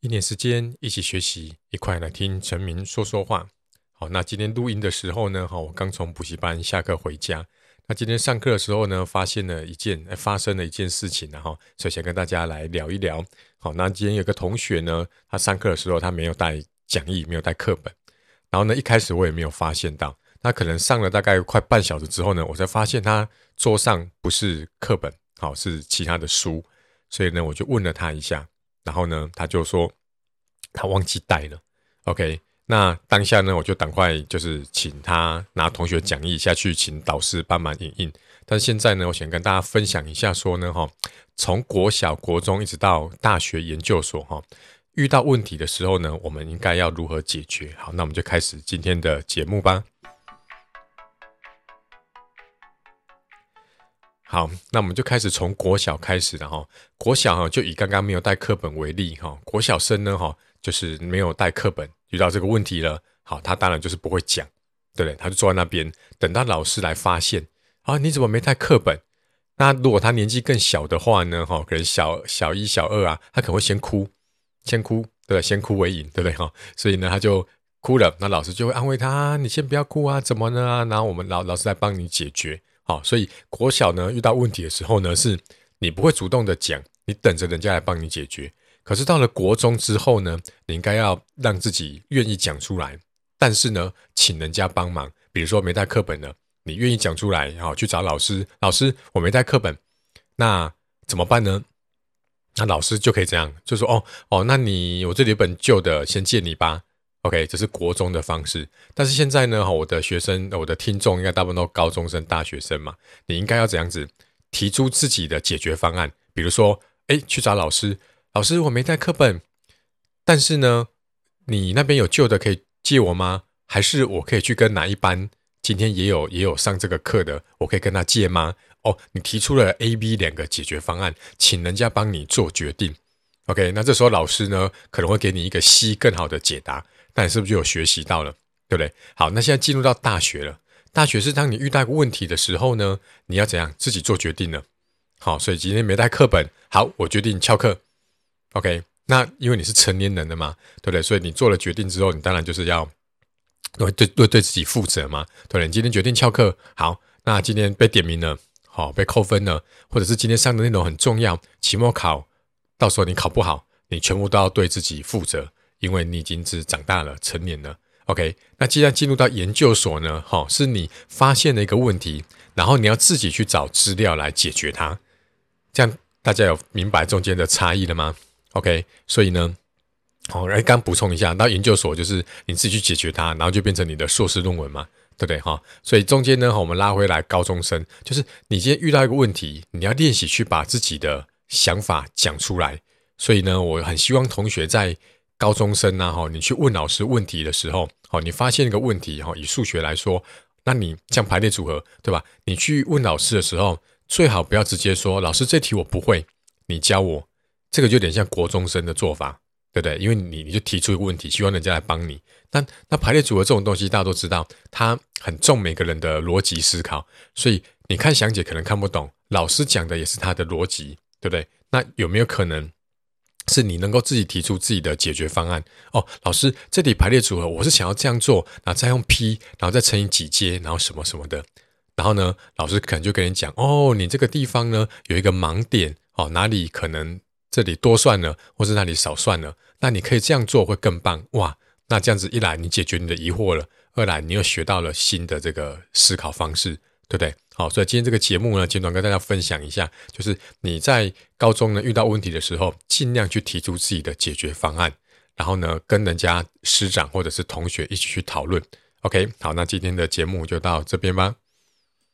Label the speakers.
Speaker 1: 一年時間，一起學習，一塊來聽陳明說說話。好，那今天錄音的時候呢，哈，我剛從補習班下課回家。那今天上課的時候呢，發現了一件、哎、發生了一件事情，然後，所以想跟大家來聊一聊。好，那今天有個同學呢，他上課的時候，他沒有帶講義，沒有帶課本。然後呢，一開始我也沒有發現到，他可能上了大概快半小時之後呢，我才發現他桌上不是課本，好，是其他的書。所以呢，我就問了他一下。然後呢，他就說他忘記帶了。OK，那當下呢，我就趕快就是請他拿同學講義下去，請導師幫忙影印。但現在呢，我想跟大家分享一下，說呢，哈，從國小、國中一直到大學研究所，哈，遇到問題的時候呢，我們應該要如何解決？好，那我們就開始今天的節目吧。好，那我們就開始從國小開始了，然後國小就以剛剛沒有帶課本為例哈，國小生呢，就是沒有帶課本遇到這個問題了，好，他當然就是不會講，對不對？他就坐在那邊等到老師來發現，啊，你怎麼沒帶課本？那如果他年紀更小的話呢，可能小小一、小二啊，他可能會先哭，先哭，對不對？先哭為贏，對不對？所以呢，他就哭了，那老師就會安慰他，你先不要哭啊，怎麼呢？然後我們老老師來幫你解決。好，所以國小呢，遇到問題的時候呢，是你不會主動的講，你等着人家來幫你解決。可是到了國中之後呢，你應該要讓自己願意講出來。但是呢，請人家幫忙，比如說沒帶課本的，你願意講出來，然後去找老師，老師我沒帶課本，那怎麼辦呢？那老師就可以這樣就說，哦哦，那你我這裡有本舊的，先借你吧。OK，這是國中的方式，但是現在呢，我的學生、我的聽眾應該大部分都高中生、大學生嘛？你應該要怎樣子提出自己的解決方案？比如說，哎，去找老師，老師我沒帶課本，但是呢，你那邊有舊的可以借我嗎？還是我可以去跟哪一班今天也有也有上這個課的，我可以跟他借嗎？哦，你提出了 A、B 兩個解決方案，請人家幫你做決定。OK，那這時候老師呢，可能會給你一個 C 更好的解答。那你是不是就有學習到了，對不對？好，那現在進入到大學了。大學是當你遇到一個問題的時候呢，你要怎樣自己做決定呢？好、哦，所以今天沒帶課本，好，我決定翹課。OK，那因為你是成年人了嘛，對不對？所以你做了決定之後，你當然就是要對對對自己負責嘛，對不對？你今天決定翹課，好，那今天被點名了，好、哦，被扣分了，或者是今天上的內容很重要，期末考，到時候你考不好，你全部都要對自己負責。因為你已經是長大了、成年了，OK。那既然進入到研究所呢，哈，是你發現了一個問題，然後你要自己去找資料來解決它。這樣大家有明白中間的差異了嗎？OK。所以呢，好，來剛補充一下，到研究所就是你自己去解決它，然後就變成你的碩士論文嘛，對不對哈？所以中間呢，我們拉回來高中生，就是你今天遇到一個問題，你要練習去把自己的想法講出來。所以呢，我很希望同學在。高中生吶、啊，你去問老師問題的時候，你發現一個問題，以數學來說，那你像排列組合，對吧？你去問老師的時候，最好不要直接說“老師，這題我不會，你教我”，這個就有點像國中生的做法，對不對？因為你你就提出一個問題，希望人家來幫你。但那排列組合這種東西，大家都知道，它很重每個人的邏輯思考，所以你看，詳解可能看不懂，老師講的也是他的邏輯，對不對？那有沒有可能？是你能夠自己提出自己的解決方案哦，老師，這裡排列組合，我是想要這樣做，然後再用 P，然後再乘以幾階，然後什麼什麼的，然後呢，老師可能就跟你講，哦，你這個地方呢有一個盲點哦，哪裡可能這裡多算了，或是哪裡少算了，那你可以這樣做會更棒哇，那這樣子一來你解決你的疑惑了，二來你又學到了新的這個思考方式，對不對？好，所以今天這個節目呢，簡短跟大家分享一下，就是你在高中呢遇到問題的時候，盡量去提出自己的解決方案，然後呢跟人家師長或者是同學一起去討論。OK，好，那今天的節目就到這邊吧。